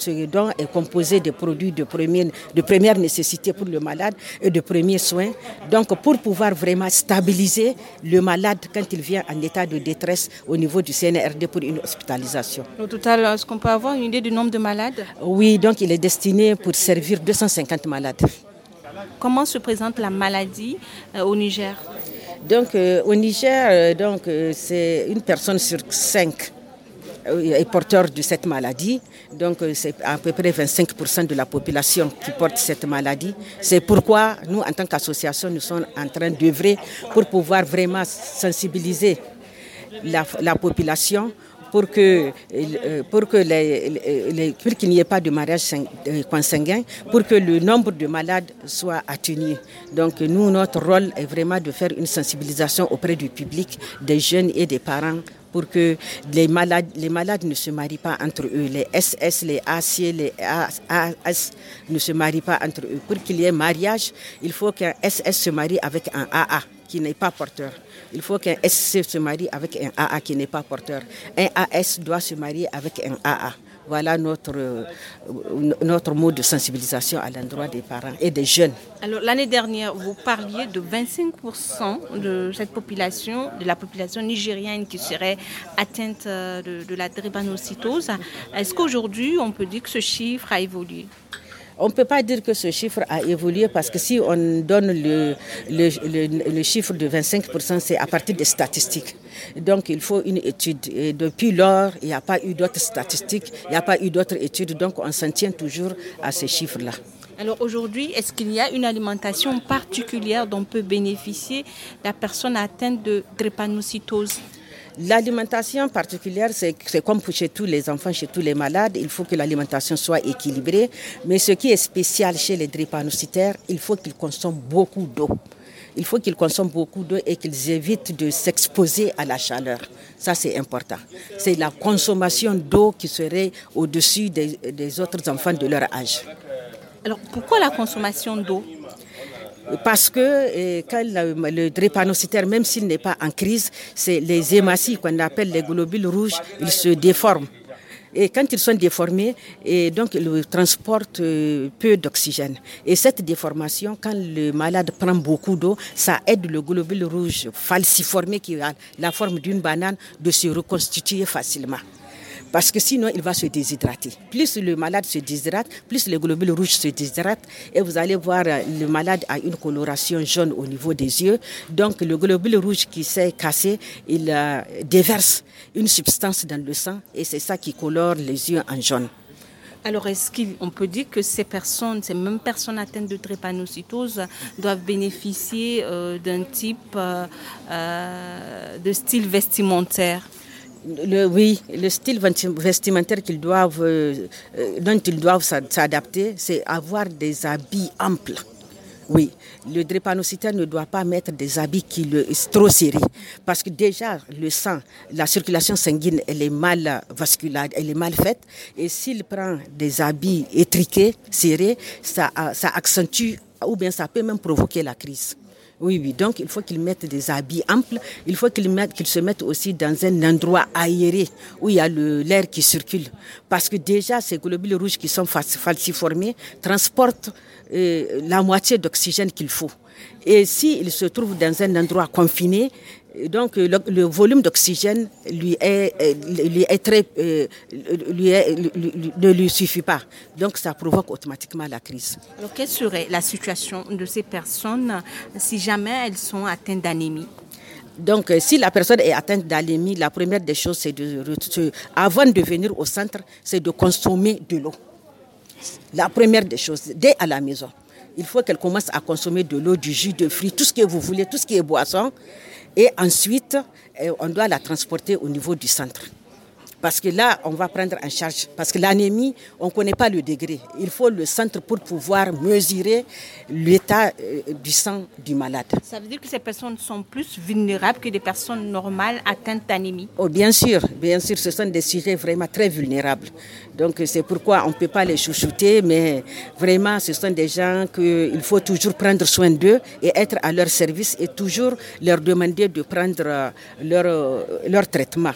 Ce don est composé de produits de première, de première nécessité pour le malade et de premiers soins. Donc, pour pouvoir vraiment stabiliser le malade quand il vient en état de détresse au niveau du CNRD pour une hospitalisation. Au total, est-ce qu'on peut avoir une idée du nombre de malades Oui, donc il est destiné pour servir 250 malades. Comment se présente la maladie euh, au Niger Donc, euh, au Niger, euh, donc c'est une personne sur cinq euh, est porteur de cette maladie. Donc euh, c'est à peu près 25% de la population qui porte cette maladie. C'est pourquoi nous, en tant qu'association, nous sommes en train d'œuvrer pour pouvoir vraiment sensibiliser la, population pour que euh, pour que les, qu'il n'y ait pas de mariage consanguin, pour que le nombre de malades soit atténué. Donc nous notre rôle est vraiment de faire une sensibilisation auprès du public, des jeunes et des parents pour que les malades, les malades ne se marient pas entre eux. Les SS, les AC, les AS ne se marient pas entre eux. Pour qu'il y ait mariage, il faut qu'un SS se marie avec un AA qui n'est pas porteur. Il faut qu'un SC se marie avec un AA qui n'est pas porteur. Un AS doit se marier avec un AA. Voilà notre, euh, notre mot de sensibilisation à l'endroit des parents et des jeunes. Alors l'année dernière, vous parliez de 25% de cette population, de la population nigérienne qui serait atteinte euh, de, de la drépanocytose. Est-ce qu'aujourd'hui, on peut dire que ce chiffre a évolué on ne peut pas dire que ce chiffre a évolué parce que si on donne le, le, chiffre de 25%, c'est à partir des statistiques. Donc il faut une étude. Et depuis lors, il n'y a pas eu d'autres statistiques, il n'y a pas eu d'autres études. Donc on s'en tient toujours à ces chiffres-là. Alors aujourd'hui, est-ce qu'il y a une alimentation particulière dont peut bénéficier la personne atteinte de drépanocytose L'alimentation particulière, c'est comme pour chez tous les enfants, chez tous les malades, il faut que l'alimentation soit équilibrée. Mais ce qui est spécial chez les drépanocytaires, il faut qu'ils consomment beaucoup d'eau. Il faut qu'ils consomment beaucoup d'eau et qu'ils évitent de s'exposer à la chaleur. Ça, c'est important. C'est la consommation d'eau qui serait au-dessus des, des autres enfants de leur âge. Alors, pourquoi la consommation d'eau parce que quand le drépanocytaire, même s'il n'est pas en crise, c'est les hématies qu'on appelle les globules rouges, ils se déforment. Et quand ils sont déformés, et donc ils transportent euh, peu d'oxygène. Et cette déformation, quand le malade prend beaucoup d'eau, ça aide le globule rouge falciformé qui a la forme d'une banane de se reconstituer facilement parce que sinon il va se déshydrater. Plus le malade se déshydrate, plus le globules rouge se déshydrate. et vous allez voir euh, le malade a une coloration jaune au niveau des yeux. Donc le globule rouge qui s'est cassé, il euh, déverse une substance dans le sang et c'est ça qui colore les yeux en jaune. Alors, est-ce qu'on peut dire que ces personnes, ces mêmes personnes atteintes de trépanocytose, doivent bénéficier euh, d'un type de style vestimentaire oui, le style vestimentaire qu'ils doivent, euh, dont ils doivent s'adapter, c'est avoir des habits amples. Oui, le drépanocytaire ne doit pas mettre des habits qui le trop serrés, parce que déjà le sang, la circulation sanguine, elle est mal vasculaire, elle est mal faite, et s'il prend des habits étriqués, serrés, ça, ça accentue ou bien ça peut même provoquer la crise. Oui, oui. Donc, il faut qu'ils mettent des habits amples. Il faut qu'ils se mettent aussi dans un endroit aéré où il y a l'air qui circule. Parce que déjà, ces globules rouges qui sont falciformés transportent euh, la moitié d'oxygène qu'il faut. Et s'il se trouve dans un endroit confiné, donc le, volume d'oxygène lui est, euh, très, euh, lui ne lui suffit pas. Donc ça provoque automatiquement la crise. quelle serait la situation de ces personnes si jamais elles sont atteintes d'anémie donc, euh, si la personne est atteinte d'anémie, la première des choses, c'est de, avant de venir au centre, c'est de consommer de l'eau. La première des choses, dès à la maison il faut qu'elle commence à consommer de l'eau, du jus, de fruits, tout ce que vous voulez, tout ce qui est boisson. Et ensuite, euh, on doit la transporter au niveau du centre. Parce que là, on va prendre en charge. Parce que l'anémie, on ne connaît pas le degré. Il faut le centre pour pouvoir mesurer l'état euh, du sang du malade. Ça veut dire que ces personnes sont plus vulnérables que des personnes normales atteintes d'anémie oh, Bien sûr, bien sûr, ce sont des sujets vraiment très vulnérables. Donc c'est pourquoi on ne peut pas les chouchouter, mais vraiment, ce sont des gens qu'il faut toujours prendre soin d'eux et être à leur service et toujours leur demander de prendre euh, leur, euh, leur traitement.